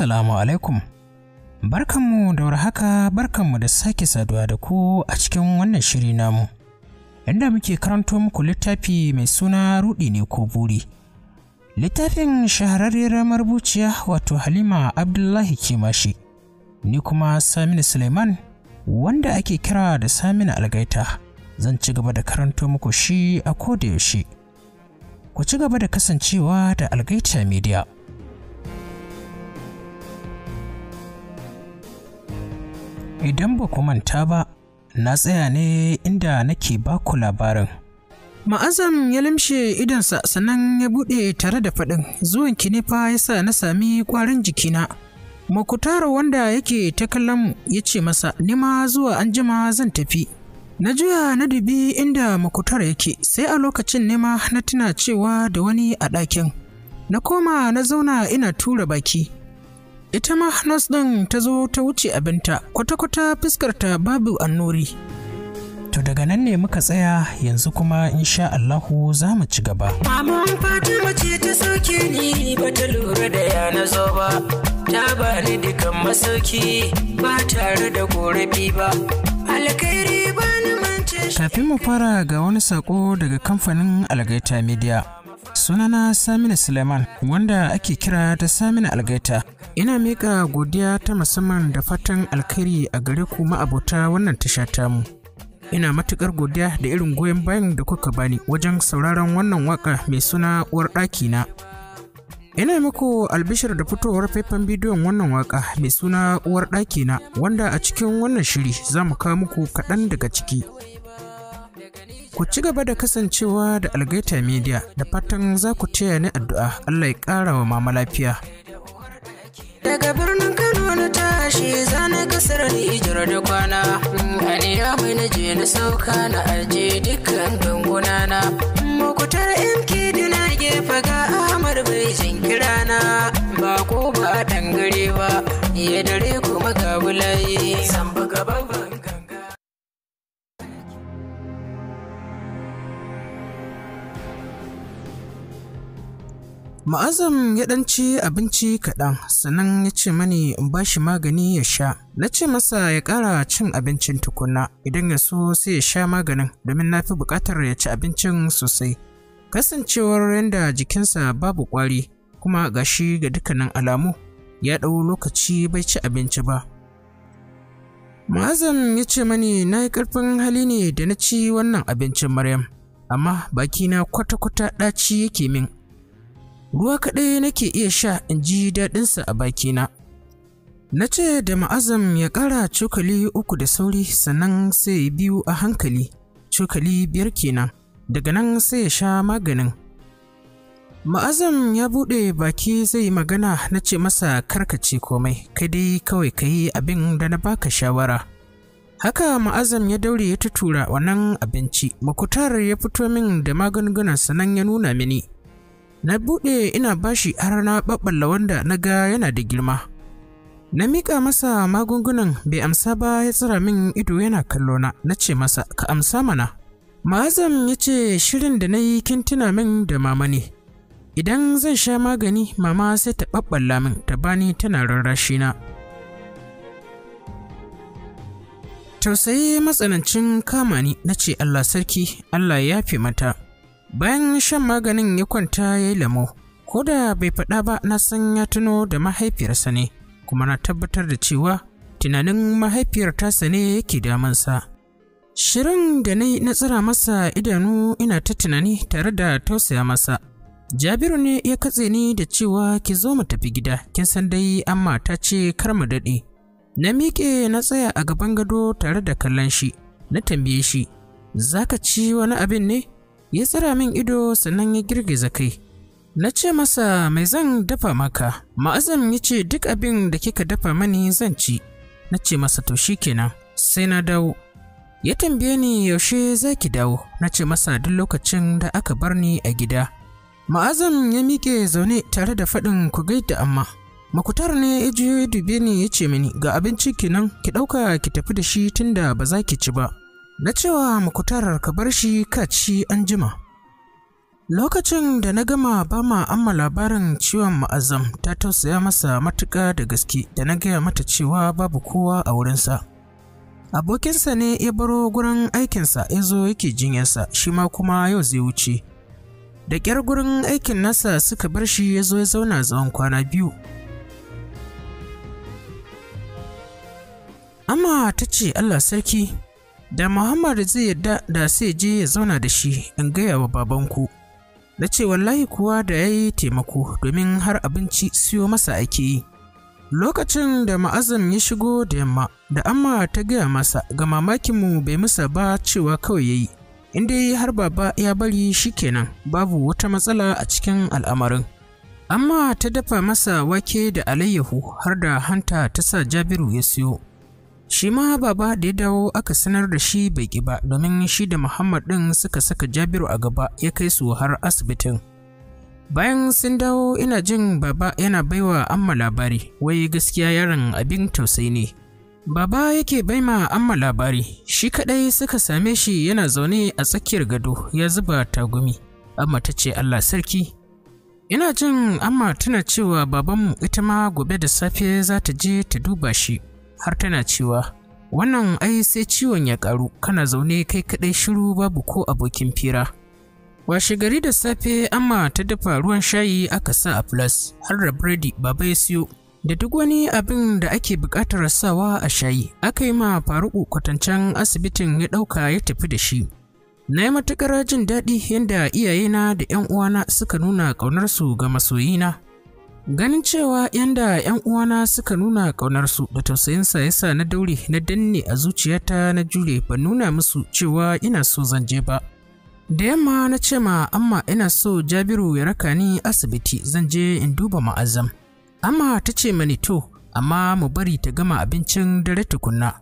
Assalamu alaikum. Barkanmu da warhaka, barkanmu da sake saduwa da ku a cikin wannan shiri namu. Inda muke karanto muku littafi mai suna Rudi ne ko buri. Littafin shahararriyar marubuciya wato Halima Abdullahi Kimashi. Ni kuma Saminu Suleiman wanda ake kira da Saminu Algaita. Zan ci gaba da karanto muku shi a ko da yaushe. Ku ci gaba da kasancewa da Algaita Media. idan ba ku manta ba na tsaya ne inda nake baku labarin ma'azam ya limshe idonsa sannan ya buɗe tare da faɗin zuwan kinefa ya sa na sami ƙwarin jikina makutaro wanda yake ta kallon ya ce masa nima zuwa anjima zan tafi na juya na dubi inda makutar yake sai a lokacin nema na tuna cewa da wani a ɗakin na koma na zauna ina tura baki ita ma hanas ɗin ta zo ta wuce abinta kwata-kwata fuskarta babu annuri to daga nan ne muka tsaya yanzu kuma insha Allahu za mu ci gaba mamun fatima ce ta sauke ni ba ta lura da yana zo ba ta ni dukan masauki ba tare da korafi ba alkhairi ba ni mance kafin mu fara ga wani sako daga kamfanin algaita media Sunana Samina Suleiman wanda ake kira ta Samina Algaita. Ina miƙa godiya ta musamman da fatan alkhairi a gare ku ma'abota wannan tasha tamu. Ina matuƙar godiya da irin goyon bayan da kuka bani wajen sauraron wannan waka mai suna uwar na. Ina muku albishir da fitowar faifan bidiyon wannan waka mai suna uwar na, wanda a cikin wannan shiri za mu kawo muku kaɗan daga ciki. Ku ci gaba da kasancewa da Algaita Media da fatan za ku taya ni addu'a Allah ya ƙara wa mama lafiya. Daga birnin Kano na tashi zana kasar Nijar da kwana, a ya mai na je na sauka na aje dukkan danguna na. Makutar MK dina gefa ga Ahmad bai jinkira na, ba ko ba dangare ba, ya dare kuma ga bulayi. Ma'azam ya ɗan ci abinci kaɗan sannan ya ce mani in ba shi magani ya sha. Na ce masa ya ƙara cin abincin tukunna idan ya so sai ya sha maganin domin na fi buƙatar ya ci abincin sosai. Kasancewar yadda jikinsa babu ƙwari kuma gashi ga dukkanin alamu ya ɗau lokaci bai ci abinci ba. Ma'azam ya ce mani na yi ƙarfin hali ne da na ci wannan abincin Maryam, amma bakina kwata-kwata ɗaci yake min ruwa kaɗai nake iya sha in ji daɗinsa a bakina. Na ce da ma'azam ya ƙara cokali uku da sauri sannan sai ya biyu a hankali, cokali biyar kenan, daga nan sai ya sha maganin. Ma'azam ya buɗe baki zai magana na ce masa karkace komai, kai dai kawai ka abin da na baka shawara. Haka ma'azam ya daure ya tutura wannan abinci, makutar ya fito min da magungunan sanan ya nuna mini. na buɗe ina bashi har na ɓaɓɓalla wanda na ga yana da girma na miƙa masa magungunan bai amsa ba ya tsira min ido yana kallo na ce masa ka amsa mana ma'azam ya ce shirin da na yi kin tuna min da mama ne idan zan sha magani mama sai ta ɓaɓɓalla min ta bani tana rarrashi na tausayi matsanancin kama ni na ce allah sarki allah ya fi mata bayan shan maganin ya kwanta ya yi lamo ko da bai faɗa ba na san ya tuno da mahaifiyarsa ne kuma na tabbatar da cewa tunanin mahaifiyar tasa ne yake damansa shirin da na yi na tsira masa idanu ina ta tunani tare da tausaya masa jabiru ne ya katse ni da cewa ki zo mu tafi gida kin san dai amma ta ce kar mu daɗe na miƙe na tsaya a gaban gado tare da kallon shi na tambaye shi za ka ci wani abin ne ya tsira min ido sannan ya girgiza kai na ce masa mai zan dafa maka ma'azam ya ce duk abin da kika dafa mani zan ci na ce masa to kenan sai na dawo ya tambaye ni yaushe za ki dawo na ce masa duk lokacin da aka bar ni a gida ma'azam ya miƙe zaune tare da faɗin ku gaida amma makutar ne ya juyo ya dube ni ya ce mini ga abinci kenan ki ɗauka ki tafi da shi tunda ba za ki ci ba na cewa makutarar ka bar shi ka ci an jima lokacin da na gama ba ma amma labarin ciwon ma'azam ta tausaya masa matuƙa da gaske da na gaya mata cewa babu kowa a wurinsa abokinsa ne ya baro gurin aikinsa ya zo yake jinyarsa shi ma kuma yau zai wuce da ƙyar gurin aikin nasa suka bar shi ya zo ya zauna tsawon kwana biyu amma ta ce allah sarki da muhammad zai yadda da sai je ya zauna da shi in gaya wa babanku na ce wallahi kuwa da ya yi taimako domin har abinci siyo masa ake yi lokacin da ma'azin ya shigo da yamma da amma ta gaya masa ga mamakinmu bai musa ba cewa kawai ya yi inda har baba ya bari shi kenan, babu wata matsala a cikin al'amarin amma ta dafa masa wake da alayyahu har da hanta ta sa jabiru ya siyo shi ma baba da ya dawo aka sanar da shi bai ki ba domin shi da muhammad din suka saka jabiru a gaba ya kai su har asibitin bayan sun dawo ina jin baba yana baiwa amma labari wai gaskiya yaron abin tausayi ne baba yake ma amma labari shi kadai suka same shi yana zaune a tsakiyar gado ya zuba tagumi amma ta ce allah sarki ina jin amma tana cewa babanmu ita ma gobe da safe za ta je ta duba shi har tana cewa wannan ai sai ciwon ya ƙaru kana zaune kai kaɗai shiru babu ko abokin fira washe gari da safe amma ta dafa ruwan shayi aka sa a plus har da biredi baba ya siyo da duk wani abin da ake buƙatar sawa a shayi aka yi ma faruku kwatancan asibitin ya ɗauka ya tafi da shi na yi matuƙar jin daɗi yadda iyayena da 'yan uwana suka nuna ƙaunarsu ga masoyina Ganin cewa yanda 'yan uwana suka nuna ƙaunarsu da tausayin ya sa na daure na danne a zuciyata na jure ba nuna musu cewa ina so zan je ba. Da yamma na ce ma amma ina so Jabiru ya raka ni asibiti zan je in duba ma'azam. Amma ta ce mani to amma mu bari ta gama abincin dare tukunna.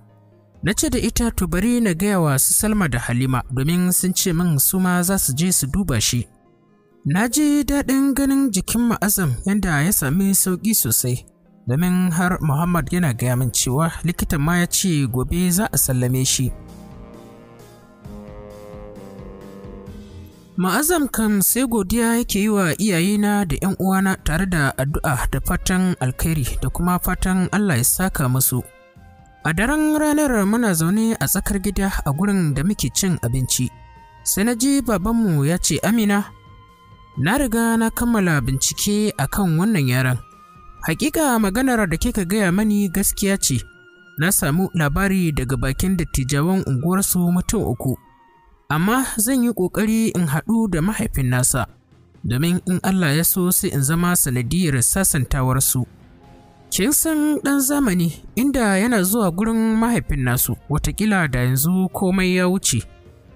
Na ce da ita to bari na gaya wa su Salma da Halima domin sun ce min su ma za su je su duba shi. Na ji daɗin ganin jikin ma'azam yadda ya sami sauƙi sosai, domin har Muhammad yana gaya min cewa likitan ma ya ce gobe za a sallame shi. Ma'azam kan sai godiya yake yi wa iyayena da 'yan uwana tare da addu'a da fatan alkhairi da kuma fatan Allah ya saka musu. A daren ranar muna zaune a tsakar gida a gurin da muke cin abinci. Sai na ji babanmu ya ce Amina, na riga na kammala bincike a kan wannan yaran hakika maganar da kika gaya mani gaskiya ce na samu labari daga bakin dattijawan unguwarsu mutum uku amma zan yi ƙoƙari in haɗu da mahaifin nasa domin in Allah ya so sai in zama sanadiyar sasantawarsu kin san ɗan zamani inda yana zuwa gurin mahaifin nasu watakila da yanzu komai ya wuce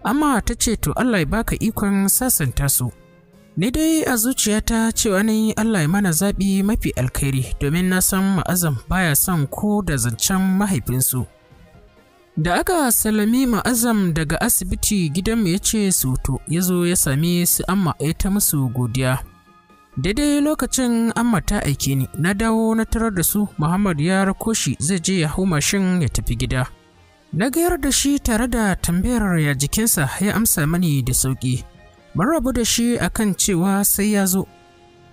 amma ta ce to Allah ya baka ikon sasanta su Ni dai a zuciyata cewa ni Allah ya mana zaɓi mafi alkhairi domin na san ma'azam baya son ko da zancen mahaifinsu. Da aka salami ma'azam daga asibiti gidanmu ya ce soto ya zo ya sami su amma ya ta musu godiya. Daidai lokacin amma ta aike ni na dawo na tarar da su Muhammad ya rakoshi, zai je ya hau mashin ya tafi gida. Na gayar da shi tare da tambayar ya jikinsa ya amsa mani da sauƙi. mun rabu da shi akan cewa sai ya zo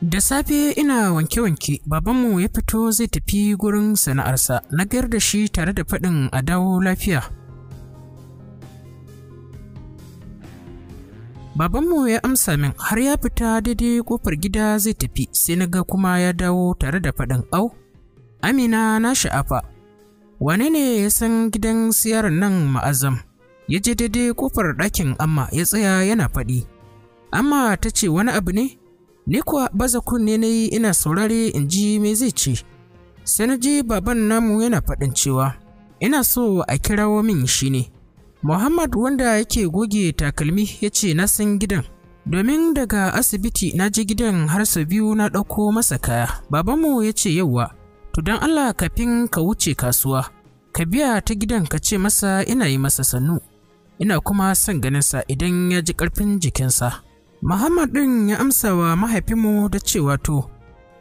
da safe ina wanke-wanke babanmu ya fito zai tafi gurin sana'arsa na gayar da shi tare da faɗin a dawo lafiya babanmu ya amsa min har ya fita daidai ƙofar gida zai tafi sai na ga kuma ya dawo tare da faɗin au amina na sha'afa wane ne ya san gidan siyar nan ma'azam ya je daidai ƙofar ɗakin amma ya tsaya yana faɗi amma ta ce wani abu ne ni kuwa baza kunne na yi ina saurare in ji me zai ce sai na ji baban namu yana faɗin cewa ina so a kirawo min shi ne muhammad wanda yake goge takalmi ya ce na san gidan domin daga asibiti na je gidan har sau biyu na ɗauko masa kaya babanmu ya ce yauwa to don allah kafin ka wuce kasuwa ka biya ta gidan ka ce masa ina yi masa sannu ina kuma son ganinsa idan ya ji ƙarfin jikinsa Muhammad ɗin ya amsa wa mahaifinmu da cewa to,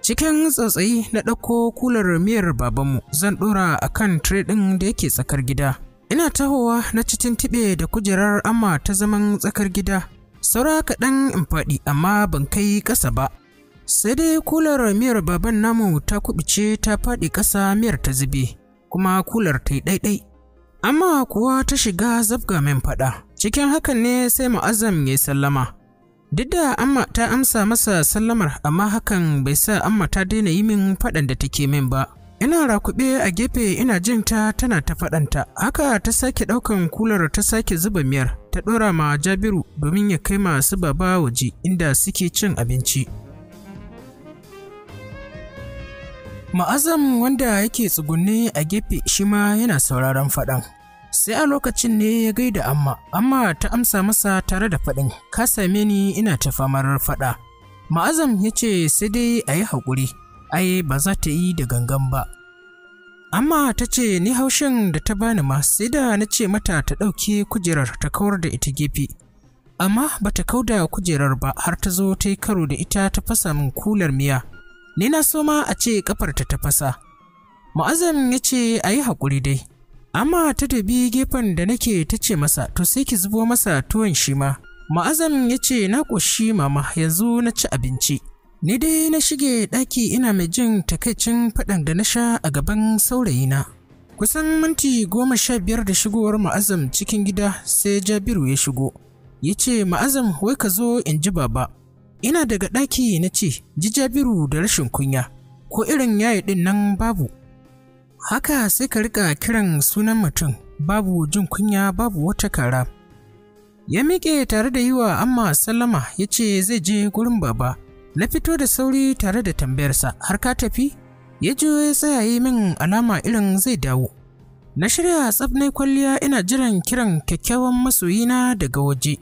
cikin tsatsayi na ɗauko kular miyar babanmu zan ɗora a kan tire ɗin da yake tsakar gida. Ina tahowa na cikin tiɓe da kujerar amma ta zaman tsakar gida. Saura kaɗan in faɗi amma ban kai ƙasa ba. Sai dai kular miyar baban namu ta kuɓice ta faɗi ƙasa miyar ta zube, kuma kular ta yi ɗaiɗai. Amma kuwa ta shiga zabga min faɗa. Cikin hakan ne sai mu'azzam ya sallama. Duk da amma ta amsa masa sallamar amma hakan bai sa amma ta daina yi min faɗan da take min ba. Ina rakuɓe a gefe ina jin ta tana ta faɗanta, haka ta sake ɗaukan kular ta sake zuba miyar, ta ɗora ma Jabiru domin ya kai masu baba waje inda suke cin abinci. Ma'azam wanda yake tsugunne a gefe shima yana sauraron faɗan. sai a lokacin ne ya gaida amma amma ta amsa masa tare da faɗin ka same ni ina ta famar faɗa ma'azam ya ce sai dai a yi haƙuri ai ba za ta yi da gangan ba amma ta ce ni haushin da ta bani ma sai da na ce mata ta ɗauke kujerar ta kawar da ita gefe amma ba ta kauda kujerar ba har ta zo ta yi karo da ita ta fasa min kular miya ni na so ma a ce kafarta ta fasa ma'azam ya ce a yi haƙuri dai amma ta dubi gefen da nake ta ce masa to sai ki zubo masa tuwon shi ma ma'azam ya ce na ƙoshi mama yanzu na ci abinci ni dai na shige ɗaki ina mai jin takaicin faɗan da na sha a gaban saurayina kusan minti goma sha biyar da shigowar ma'azam cikin gida sai jabiru ya shigo ya ce ma'azam wai ka zo in ji baba ina daga ɗaki na ce ji jabiru da rashin kunya ko irin yayi ɗin nan babu haka sai ka rika kiran sunan mutum babu jin kunya babu wata kara ya miƙe tare da yi wa amma sallama ya ce zai je gurin baba na fito da sauri tare da tambayarsa har ka tafi ya ji ya tsaya yi min alama irin zai dawo na shirya tsabnai kwalliya ina jiran kiran kyakkyawan masoyina daga waje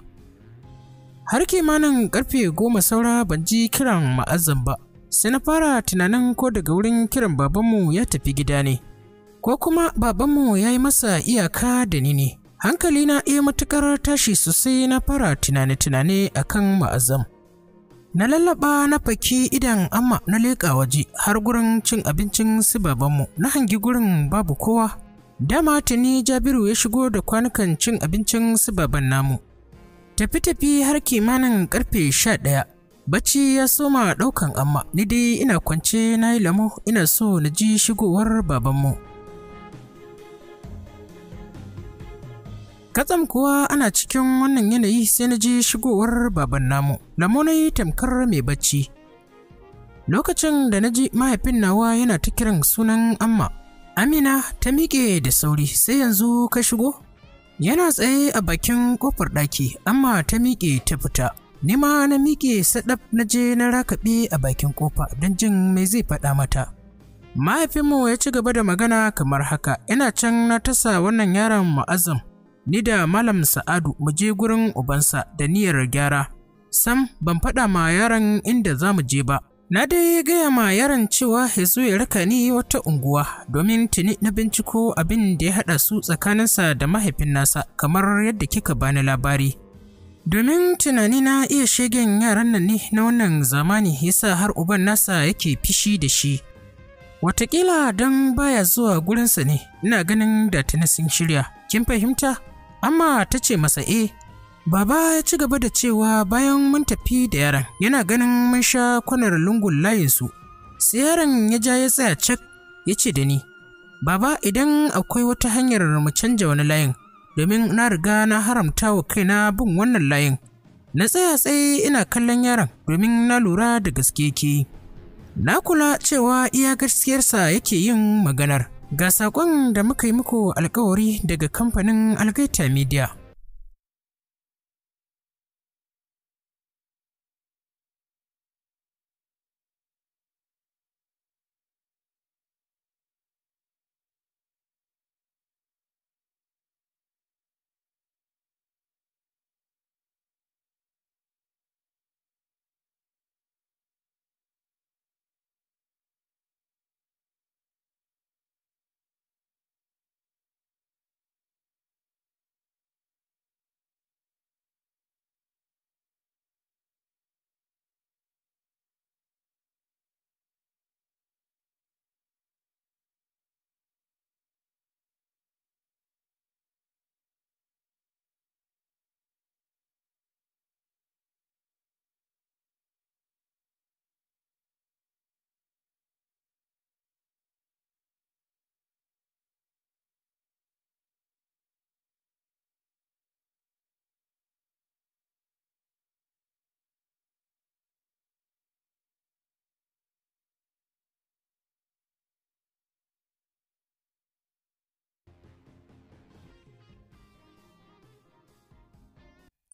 har kimanin karfe goma saura ban ji kiran ma'azan ba sai na fara tunanin ko daga wurin kiran babanmu ya tafi gida ne ko kuma babanmu ya yi masa iyaka da ni ne. hankali na iya matuƙar tashi sosai na fara tunane-tunane a kan ma'azam. Na lallaba na faki idan amma na leƙa waje har gurin cin abincin su babanmu na hangi gurin babu kowa. Dama tuni Jabiru ya shigo da kwanukan cin abincin su baban namu. Tafi-tafi har kimanin karfe sha ɗaya. Bacci ya soma ɗaukan amma ni dai ina kwance na yi lamu ina so na ji shigowar babanmu. katsam kuwa ana cikin wannan yanayi sai na ji shigowar baban namu lamonai tamkar mai bacci lokacin da na ji mahaifin nawa yana ta kiran sunan amma amina ta miƙe da sauri sai yanzu ka shigo yana tsaye a bakin ƙofar ɗaki amma ta miƙe ta fita ni ma na miƙe saɗaf na je na rakaɓe a bakin ƙofa don jin me zai faɗa mata mahaifinmu ya ci gaba da magana kamar haka ina can na tasa wannan yaron ma'azam ni da Malam Sa'adu mu je gurin ubansa da niyyar gyara. Sam ban faɗa ma yaran inda za mu je ba. Na dai gaya ma yaron cewa ya zo ya raka ni wata unguwa domin tuni na binciko abin da ya haɗa su tsakaninsa da mahaifin nasa kamar yadda kika bani labari. Domin tunani na iya shegen yaran nan ne na wannan zamani yasa har uban nasa yake fishi da shi. Wataƙila don baya zuwa gurinsa ne, ina ganin da tuni sun shirya. Kin fahimta? amma ta ce masa e baba ya ci gaba da cewa bayan mun tafi da yaran yana ganin mun sha kwanar lungun layinsu sai yaron ya ja ya tsaya cak ya ce da ni baba idan akwai wata hanyar mu canja wani layin domin na riga na haramta wa kaina bin wannan layin na tsaya tsaye ina kallon yaron domin na lura da gaske ke na kula cewa iya gaskiyarsa yake yin maganar Ga saƙon da muka yi muku alƙawari daga kamfanin Algaita Media.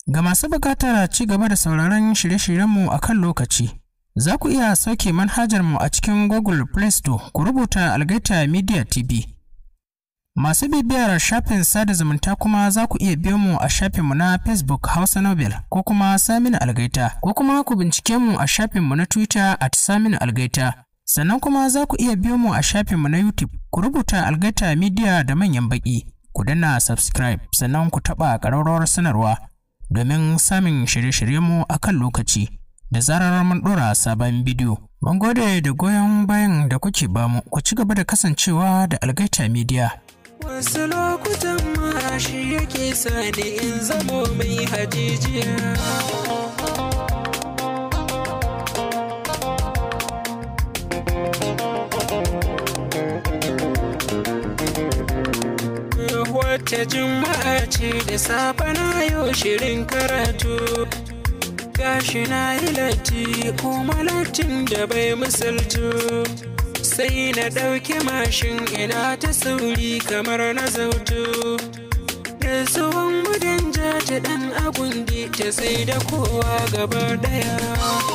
Ga masu bukatar ci gaba da sauraron shirye-shiryenmu a kan lokaci, za ku iya sauke manhajarmu a cikin Google Play Store ku rubuta Algaita Media TV. Masu bibiyar shafin sada zumunta kuma za ku iya biyo mu a shafinmu na Facebook Hausa Nobel ko kuma Saminu Algaita ko kuma ku bincike mu a shafinmu na Twitter at Saminu Algaita. Sannan kuma za ku iya biyo mu a shafinmu na YouTube ku rubuta Algaita Media da manyan baƙi. Ku dana subscribe sannan ku taɓa ƙararrawar sanarwa domin samun shirye-shiryenmu a kan lokaci da zarar mun ɗora sabon bidiyo. Mun gode da goyon bayan da kuke bamu ku ci gaba da kasancewa da Algaita Media. Wasu lokutan ma shi yake sani in zamo mai hajijiya. Wata juma'a ce da safe na yau shirin karatu. Gashi na yi latti kuma latin da bai misaltu. Sai na ɗauki mashin ina ta sauri kamar na zautu. Da tsohon mudan ta ɗan agundi ta sai da kowa gaba ɗaya.